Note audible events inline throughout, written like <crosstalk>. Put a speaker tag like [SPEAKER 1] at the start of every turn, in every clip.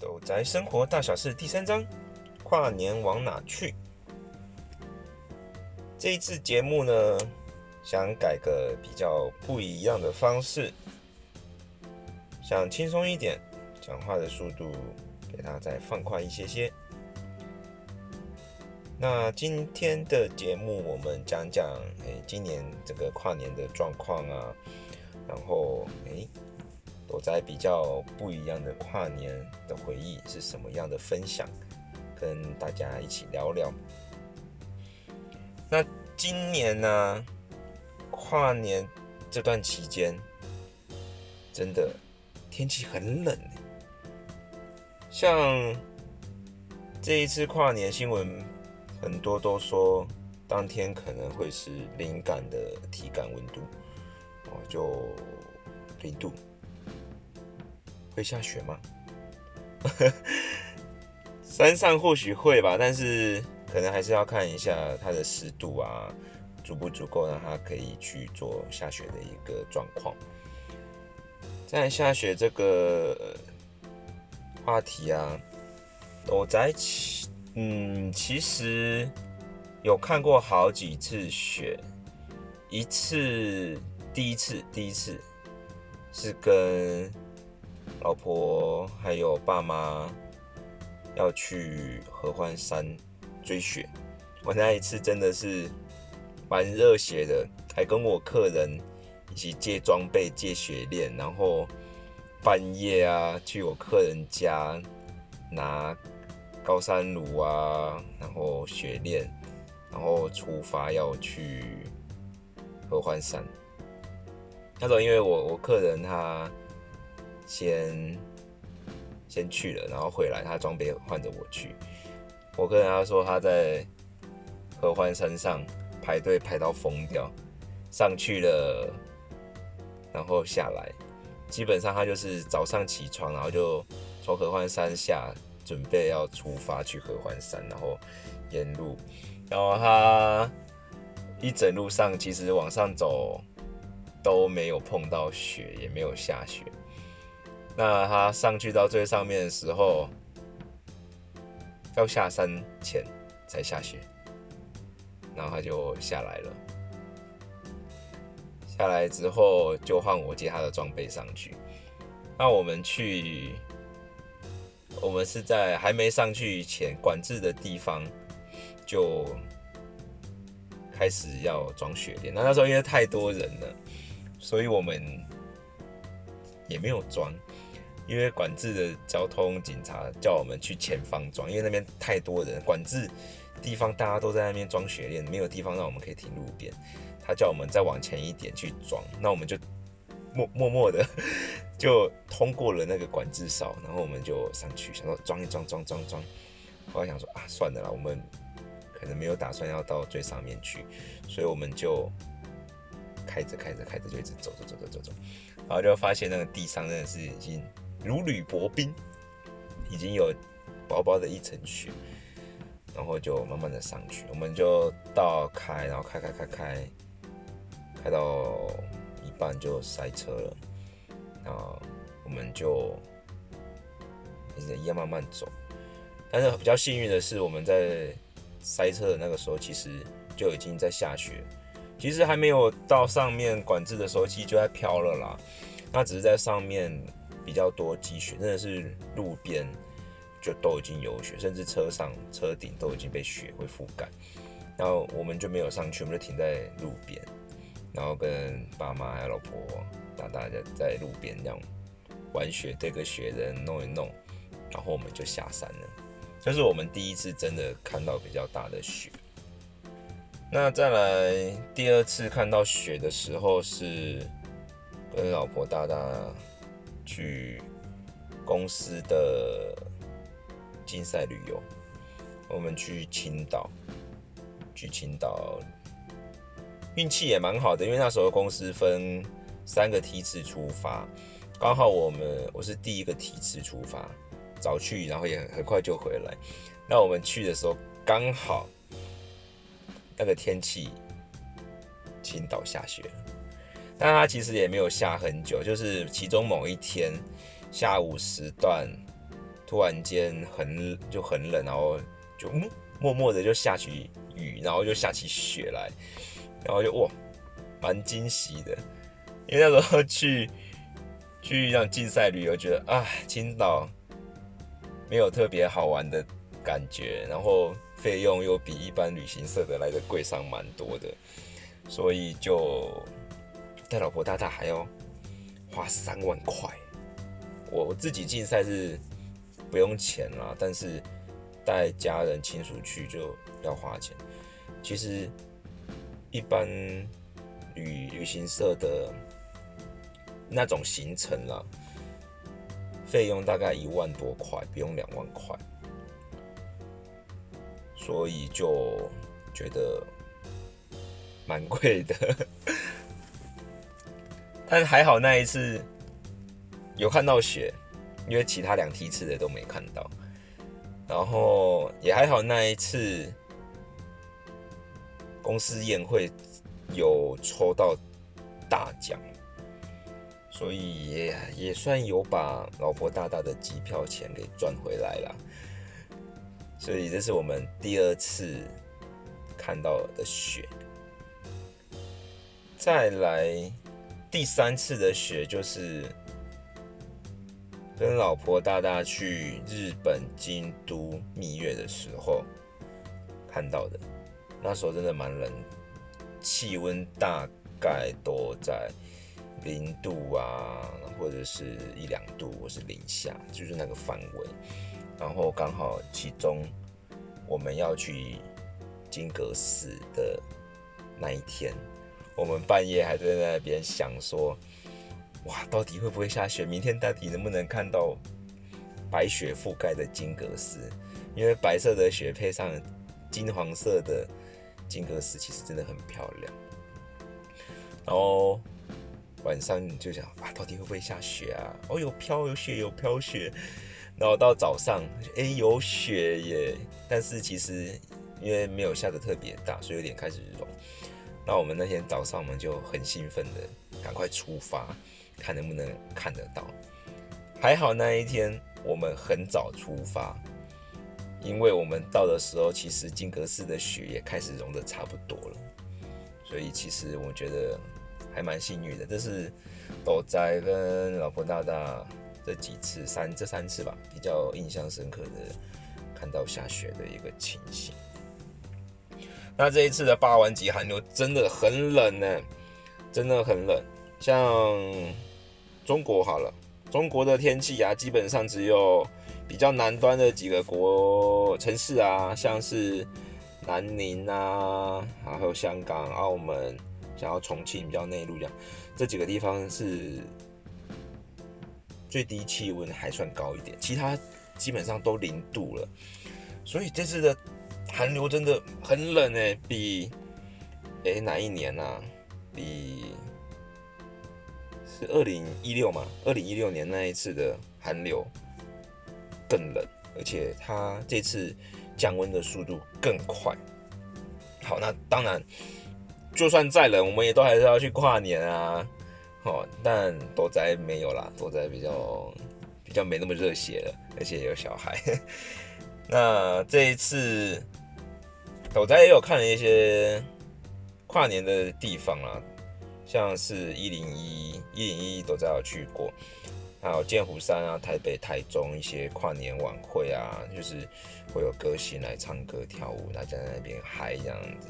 [SPEAKER 1] 《豆佬生活大小事》第三章：跨年往哪去？這一次節目呢，想改個比較不一樣的方式，想輕鬆一點，講話的速度給它再放寬一些些。那今天的節目，我們講講誒，今年這個跨年的狀況啊，然後誒。欸都在比較不一樣的跨年的回憶，是什麼樣的分享，跟大家一起聊聊。那今年呢、啊，跨年這段期間，真的天氣很冷。像這一次跨年新聞，很多都說當天可能會是零感的體感溫度，哦，就零度。會下雪嗎？ <laughs> 山上或許會吧，但是可能還是要看一下它的濕度啊，足不足夠讓它可以去做下雪的一個狀況。在下雪這個話題啊，我在其嗯，其實有看過好幾次雪，一次第一次，第一次是跟。老婆還有爸媽要去合歡山追雪，我那一次真的是蠻熱血的，還跟我客人一起借裝備、借雪鏈，然後半夜啊去我客人家拿高山爐啊，然後雪鏈，然後出發要去合歡山。那時候因為我我客人他。先先去了，然後回來，他裝備換着我去。我跟他說，他在合歡山上排隊排到瘋掉，上去了，然後下來，基本上他就是早上起床，然後就從合歡山下準備要出發去合歡山，然後沿路，然後他一整路上其實往上走都沒有碰到雪，也沒有下雪。那他上去到最上面的時候，要下山前才下雪，然後他就下來了。下來之後就換我接他的裝備上去。那我們去，我們是在還沒上去前管制的地方就開始要裝雪鏈。那那時候因為太多人了，所以我們也沒有裝。因為管制的交通警察叫我們去前方裝，因為那邊太多人管制地方，大家都在那邊裝雪鏈，沒有地方讓我們可以停路邊。他叫我們再往前一點去裝，那我們就默默默的 <laughs> 就通過了那個管制哨，然後我們就上去想說裝一裝裝裝裝。我想說啊，算了啦，我們可能沒有打算要到最上面去，所以我們就開着開着開着就一直走走走走走走，然後就發現那個地上真的是已經。如履薄冰，已經有薄薄的一層雪，然後就慢慢的上去。我們就到開，然後開開開開，開到一半就塞車了，然後我們就一樣慢慢走。但是比較幸運的是，我們在塞車的那個時候，其實就已經在下雪，其實還沒有到上面管制的時候，其實就在飄了啦。那只是在上面，比較多積雪，真的是路邊就都已經有雪，甚至車上車頂都已經被雪會覆蓋。然後我們就沒有上去，我們就停在路邊，然後跟爸媽、老婆、大大在在路邊這樣玩雪，堆個雪人弄一弄，然後我們就下山了。這，就是我們第一次真的看到比較大的雪。那再來第二次看到雪的時候，是跟老婆大大，去公司的競賽旅遊，我們去青島，去青島，運氣也蠻好的，因為那時候公司分三個梯次出發，剛好我們我是第一個梯次出發，早去，然後也很快就回來。那我們去的時候，剛好那個天氣，青島下雪。但它其實也沒有下很久，就是其中某一天下午時段，突然間很就很冷，然後就、嗯、默默的就下起雨，然後就下起雪來，然後就哇蠻驚喜的，因為那時候去去一趟競賽旅遊，我覺得啊青島沒有特別好玩的感覺，然後費用又比一般旅行社的來的貴上蠻多的，所以就。帶老婆大大還要花三萬塊，我我自己競賽是不用錢啦，但是帶家人親屬去就要花錢。其實一般旅旅行社的那種行程啦，費用大概一萬多塊，不用兩萬塊，所以就覺得蠻貴的。但還好那一次有看到雪，因為其他兩梯次的都沒看到。然後也還好那一次公司宴會有抽到大獎，所以也也算有把老婆大大的機票錢給賺回來了。所以這是我們第二次看到的雪。再來。第三次的雪，就是跟老婆大大去日本京都蜜月的時候看到的。那時候真的蠻冷，氣溫大概都在零度啊，或者是一兩度，或是零下，就是那個範圍。然後剛好其中我們要去金閣寺的那一天。我們半夜還在那邊想說，哇，到底會不會下雪？明天到底能不能看到白雪覆蓋的金閣寺？因為白色的雪配上金黃色的金閣寺，其實真的很漂亮。然後晚上你就想啊，到底會不會下雪啊？哦，有飄有雪，有飄雪。然後到早上，哎、欸，有雪耶。但是其實因為沒有下得特別大，所以有點開始融。那我們那天早上我們就很興奮的，趕快出發，看能不能看得到。還好那一天我們很早出發，因為我們到的時候，其實金閣寺的雪也開始融得差不多了。所以其實我覺得還蠻幸運的。這是豆佬跟老婆大大這幾次，三，這三次吧，比較印象深刻的看到下雪的一個情形。那這一次的霸王級寒流真的很冷呢，真的很冷。像中國好了，中國的天氣啊，基本上只有比較南端的幾個國城市啊，像是南寧啊，然後香港、澳門，然後重慶比較內陸這樣，這幾個地方是最低氣溫還算高一點，其他基本上都零度了。所以這次的。寒流真的很冷，比誒，比誒哪一年吶、啊？比是二零一六嘛，二零一六年那一次的寒流更冷，而且它這次降溫的速度更快。好，那當然，就算再冷，我們也都還是要去跨年啊。哦，但多宅沒有啦，多宅比較比較沒那麼熱血了，而且有小孩。 <laughs> 那這一次。我在也有看了一些跨年的地方啊，像是一零一、一零一，我都有去過。還有劍湖山啊、台北、台中一些跨年晚會啊，就是會有歌星來唱歌跳舞，大家在那邊嗨這樣子。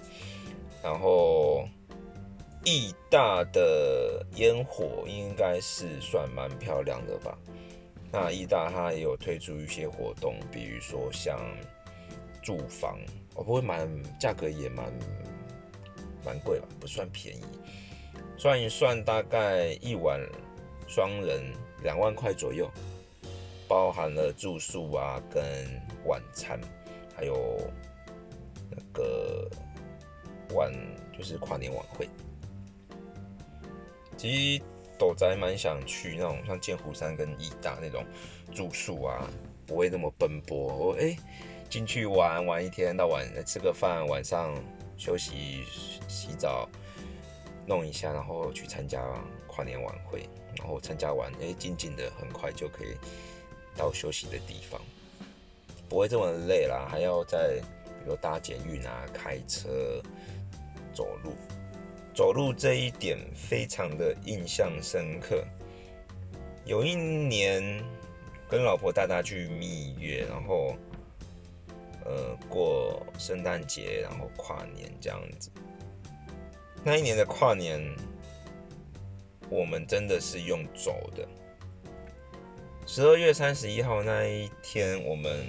[SPEAKER 1] 然後，義大的煙火應該是算蠻漂亮的吧？那義大它也有推出一些活動，比如說像。住房我、哦、不會蠻，價格也蠻蠻貴吧，不算便宜。算一算大概一晚雙人兩萬塊左右，包含了住宿啊跟晚餐，還有那個晚就是跨年晚會。其實都仔蠻想去那種像劍湖山跟義大那種住宿啊，不會那麼奔波。我哎。欸進去玩玩一天，到晚吃個飯，晚上休息、洗澡、弄一下，然後去參加跨年晚會，然後參加完，哎，靜靜的，很快就可以到休息的地方，不會這麼累啦。還要再，比如搭捷運啊開車、走路，走路這一點非常的印象深刻。有一年跟老婆帶她去蜜月，然後。呃，過聖誕節，然後跨年這樣子。那一年的跨年，我們真的是用走的。十二月三十一號那一天，我們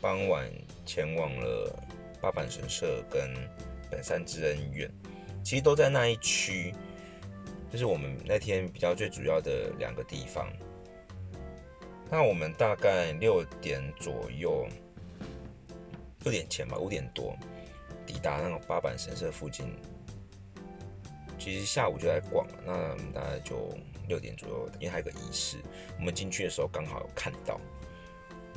[SPEAKER 1] 傍晚前往了八坂神社跟本山知恩院，其實都在那一區，就是我們那天比較最主要的兩個地方。那我們大概六點左右。六點前吧，五點多抵達那個八坂神社附近。其實下午就在逛，那我們大概就六點左右，因為還有個儀式。我們進去的時候剛好有看到，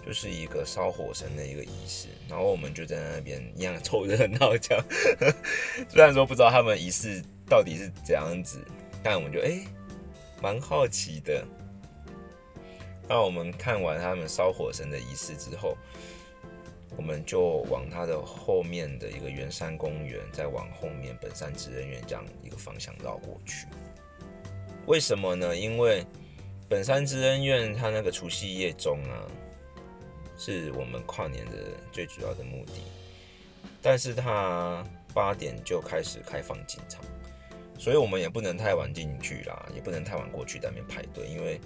[SPEAKER 1] 就是一個燒火神的一個儀式，然後我們就在那邊一樣湊熱鬧，這樣。 <laughs> 雖然說不知道他們儀式到底是怎樣子，但我們就哎蠻、欸、好奇的。那我們看完他們燒火神的儀式之後。我們就往它的後面的一個圓山公園，再往後面本山知恩院這樣一個方向繞過去。為什麼呢？因為本山知恩院它那個除夕夜鐘啊，是我們跨年的最主要的目的。但是它八點就開始開放進場，所以我們也不能太晚進去啦，也不能太晚過去在那邊排隊，因為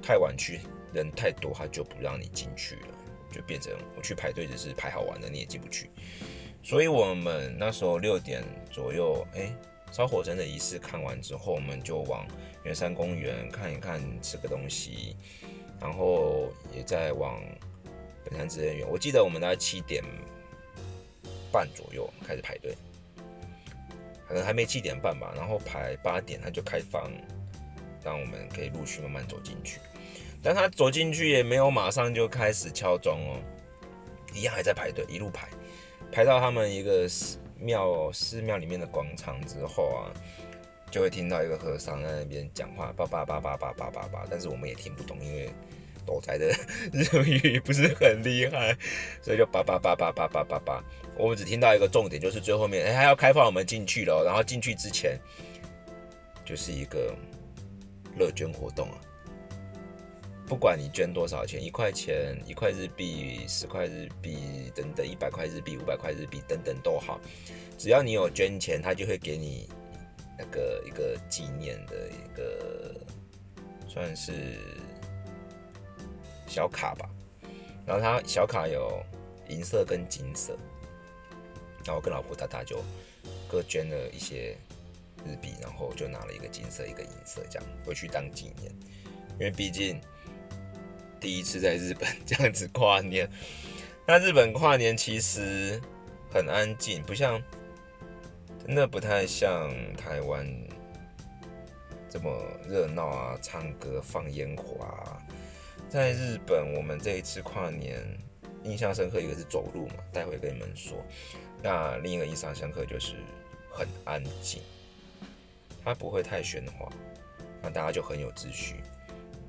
[SPEAKER 1] 太晚去人太多，他就不讓你進去了。就變成我去排隊就是排好玩的，你也進不去。所以我們那時候六點左右，哎、欸，燒火神的儀式看完之後，我們就往圓山公園看一看，吃個東西，然後也在往本山植物園。我記得我們大概七點半左右開始排隊，可能還沒七點半吧，然後排八點他就開放，讓我們可以陸續慢慢走進去。但他走進去也沒有馬上就開始敲鐘哦，一樣還在排隊，一路排，排到他們一個寺廟寺廟裡面的廣場之後啊，就會聽到一個和尚在那邊講話，叭叭叭叭叭叭叭叭，但是我們也聽不懂，因為豆仔的日語不是很厲害，所以就叭叭叭叭叭叭叭叭。我們只聽到一個重點，就是最後面，欸，他要開放我們進去了，然後進去之前就是一個樂捐活動啊。不管你捐多少錢，一塊錢、一塊日幣、十塊日幣等等，一百塊日幣、五百塊日幣等等都好，只要你有捐錢，他就會給你那個一個紀念的一個算是小卡吧。然後他小卡有銀色跟金色。然後跟老婆大大就各捐了一些日幣，然後就拿了一個金色、一個銀色這樣回去當紀念，因為畢竟。第一次在日本這樣子跨年，那日本跨年其實很安靜，不像真的不太像台灣這麼熱鬧啊，唱歌放煙花啊。在日本，我們這一次跨年印象深刻，一個是走路嘛，待會跟你們說。那另一個印象深刻就是很安靜，它不會太喧嘩，那大家就很有秩序。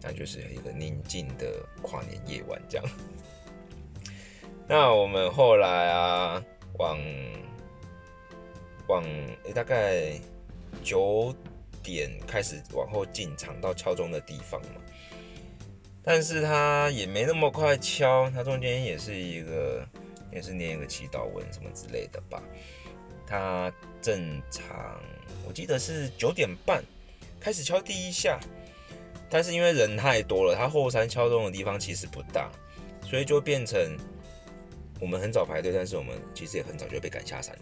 [SPEAKER 1] 那就是一個寧靜的跨年夜晚，這樣。 <laughs> 那我們後來啊，往往誒、欸，大概九點開始往後進場到敲鐘的地方嘛。但是它也沒那麼快敲，它中間也是一個，也是念一個祈禱文什麼之類的吧。它正常，我記得是九點半開始敲第一下。但是因為人太多了，它後山敲鐘的地方其實不大，所以就變成我們很早排隊，但是我們其實也很早就被趕下山了。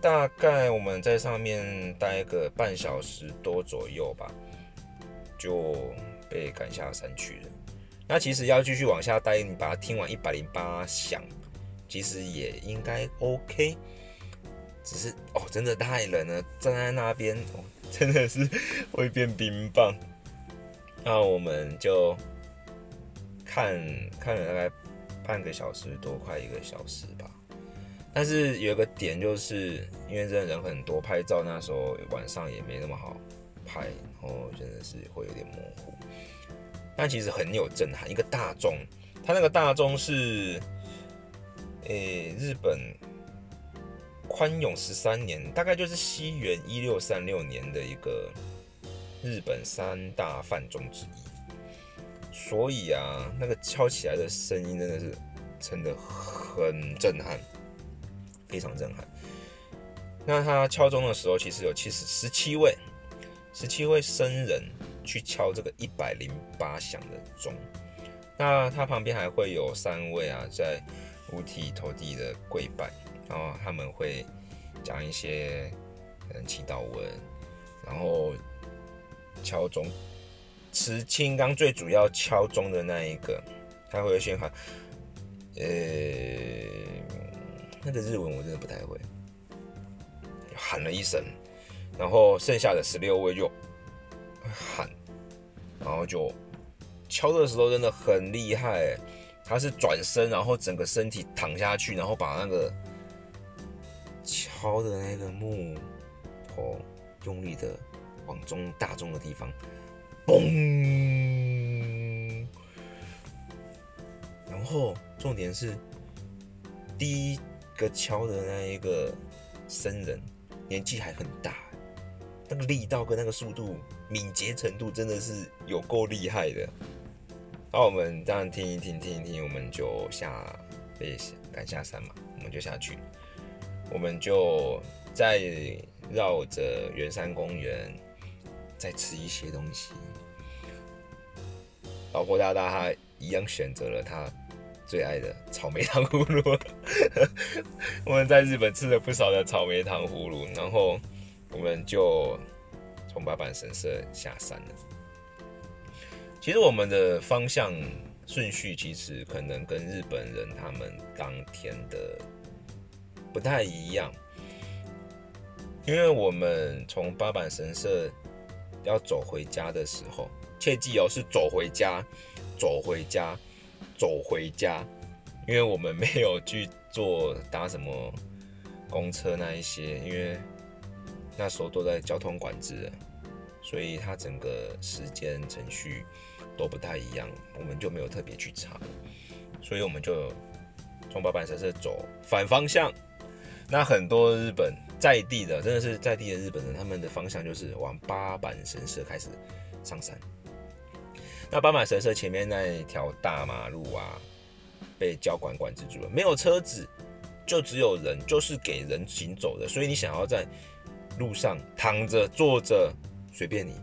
[SPEAKER 1] 大概我們在上面待個半小時多左右吧，就被趕下山去了。那其實要繼續往下待，你把它聽完一百零八響，其實也應該 OK。只是哦，真的太冷了，站在那邊哦，真的是會變冰棒。那我們就看看了大概半個小時多，快一個小時吧。但是有一個點就是，因為真的人很多，拍照那時候晚上也沒那麼好拍，然後真的是會有點模糊。但其實很有震撼，一個大鐘，它那個大鐘是誒、欸、日本寬永十三年，大概就是西元一六三六年的一個。日本三大梵鐘之一，所以啊，那個敲起來的聲音真的是真的很震撼，非常震撼。那他敲鐘的時候，其實有七十十七位、十七位僧人去敲這個一百零八響的鐘，那他旁邊還會有三位啊，在五體投地的跪拜，然後他們會講一些嗯祈禱文，然後。敲鐘，持青鋼最主要敲鐘的那一個，他會先喊，呃、欸，那個日文我真的不太會，喊了一聲，然後剩下的十六位就喊，然後就敲的時候真的很厲害，他是轉身，然後整個身體躺下去，然後把那個敲的那個木頭、哦、用力的。往中大鐘的地方，嘣！然後重點是第一個敲的那一個僧人，年紀還很大，那個力道跟那個速度敏捷程度真的是有夠厲害的。那我們這樣聽一聽，聽一聽，我們就下，趕下山嘛，我們就下去，我們就再繞着圓山公園。再吃一些東西，老婆大大他一樣選擇了他最愛的草莓糖葫蘆。 <laughs> 我們在日本吃了不少的草莓糖葫蘆，然後我們就從八坂神社下山了。其實我們的方向順序其實可能跟日本人他們當天的不太一樣，因為我們從八坂神社。要走回家的時候，切記哦，是走回家，走回家，走回家，因為我們沒有去坐搭什麼公車那一些，因為那時候都在交通管制，所以它整個時間程序都不太一樣，我們就沒有特別去查，所以我們就從八坂神社走反方向，那很多日本。在地的真的是在地的日本人，他們的方向就是往八坂神社開始上山。那八坂神社前面那條大馬路啊，被交管管制住了，沒有車子，就只有人，就是給人行走的。所以你想要在路上躺着坐着隨便你，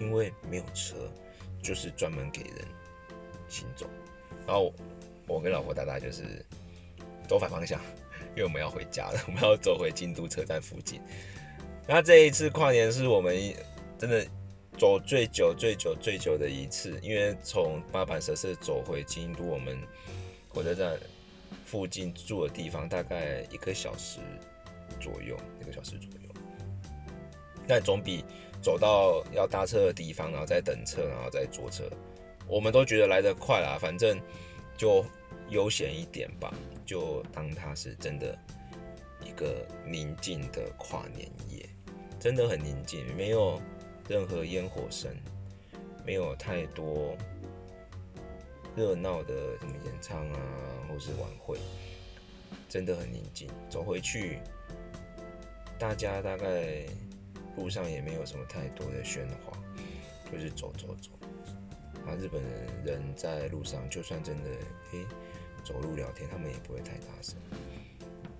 [SPEAKER 1] 因為沒有車，就是專門給人行走。然後我，我跟老婆大大就是走反方向。因為我們要回家了，我們要走回京都車站附近。那這一次跨年是我們真的走最久、最久、最久的一次，因為從八坂神社走回京都，我們火車站附近住的地方大概一個小時左右，一個小時左右。但總比走到要搭車的地方，然後再等車，然後再坐車，我們都覺得來得快啦。反正就悠閒一點吧。就當它是真的一個寧靜的跨年夜，真的很寧靜，沒有任何煙火聲，沒有太多熱鬧的什麼演唱啊，或是晚會，真的很寧靜。走回去，大家大概路上也沒有什麼太多的喧嘩，就是走走走。那、啊、日本人在路上，就算真的誒。欸走路聊天，他們也不會太大聲。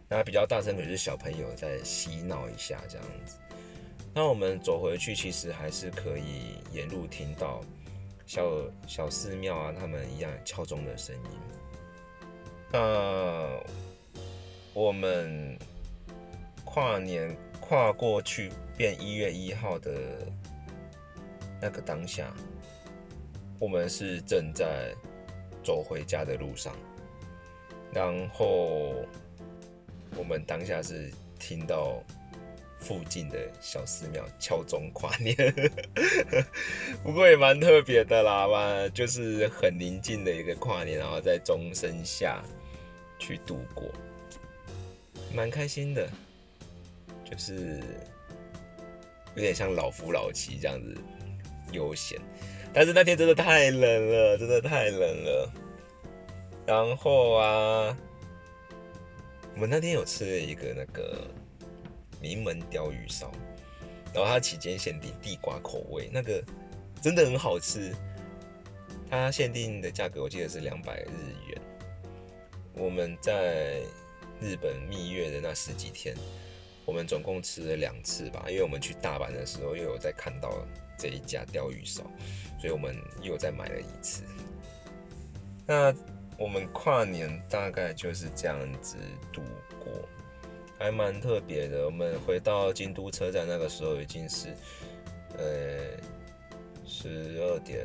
[SPEAKER 1] 那比較大聲，可能是小朋友在嬉鬧一下這樣子。那我們走回去，其實還是可以沿路聽到小小寺廟啊，他們一樣敲鐘的聲音。那我們跨年跨過去，變一月一號的那個當下，我們是正在走回家的路上。然後我們當下是聽到附近的小寺廟敲鐘跨年， <laughs> 不過也蠻特別的啦，哇，就是很寧靜的一個跨年，然後在鐘聲下去度過，蠻開心的，就是有點像老夫老妻這樣子悠閒。但是那天真的太冷了，真的太冷了。然後啊，我們那天有吃了一個那個檸檬鯛魚燒，然後它，期間限定地瓜口味，那個真的很好吃。它限定的價格我記得是兩百日元。我們在日本蜜月的那十幾天，我們總共吃了兩次吧，因為我們去大阪的時候又有在看到這一家鯛魚燒，所以我們又再買了一次。那。我們跨年大概就是這樣子度過，還蠻特別的。我們回到京都車站，那個時候已經是呃十二點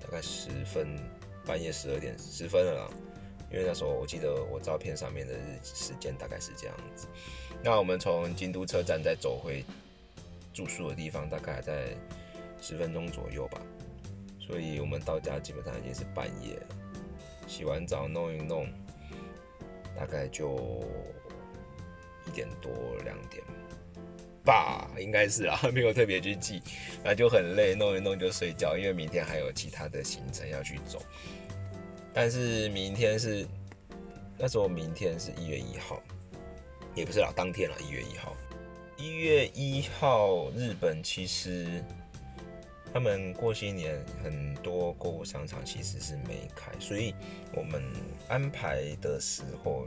[SPEAKER 1] 大概十分，半夜十二點十分了啦。因為那時候我記得我照片上面的日期時間大概是這樣子。那我們從京都車站再走回住宿的地方，大概在十分鐘左右吧。所以我們到家基本上已經是半夜了。洗完澡弄一弄，大概就一點多兩點吧，應該是啊，沒有特別去記，那就很累，弄一弄就睡覺，因為明天還有其他的行程要去走。但是明天是那時候，明天是一月一號，也不是啦，當天啦，一月一號，一月一號日本其實。他們過新年，很多購物商場其實是沒開，所以我們安排的時候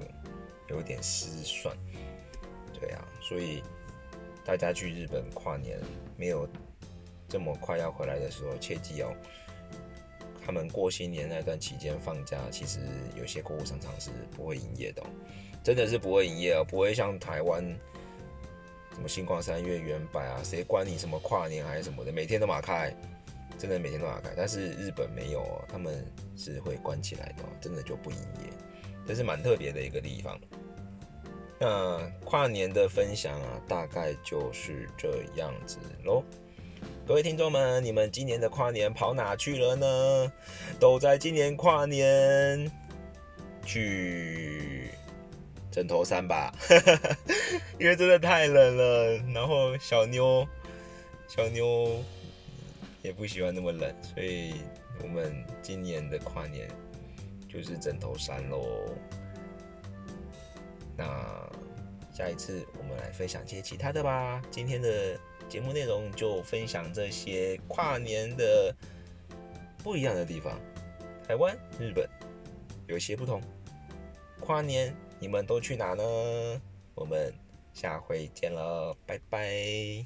[SPEAKER 1] 有點失算。對啊，所以大家去日本跨年沒有這麼快要回來的時候，切記哦，他們過新年那段期間放假，其實有些購物商場是不會營業的哦，真的是不會營業哦，不會像台灣。什麼星光三月原版啊？誰管你什麼跨年還是什麼的？每天都馬開，真的每天都馬開。但是日本沒有，哦，他們是會關起來的，真的就不營業。這是蠻特別的一個地方。那跨年的分享啊，大概就是這樣子嘍。各位聽眾們，你們今年的跨年跑哪去了呢？都在今年跨年去。枕頭山吧， <laughs> 因為真的太冷了。然後小妞，小妞也不喜歡那麼冷，所以我們今年的跨年就是枕頭山嘍。那下一次我們來分享一些其他的吧。今天的節目內容就分享這些跨年的不一樣的地方，台灣、日本有些不同，跨年。你們都去哪呢？我們下回見了，拜拜。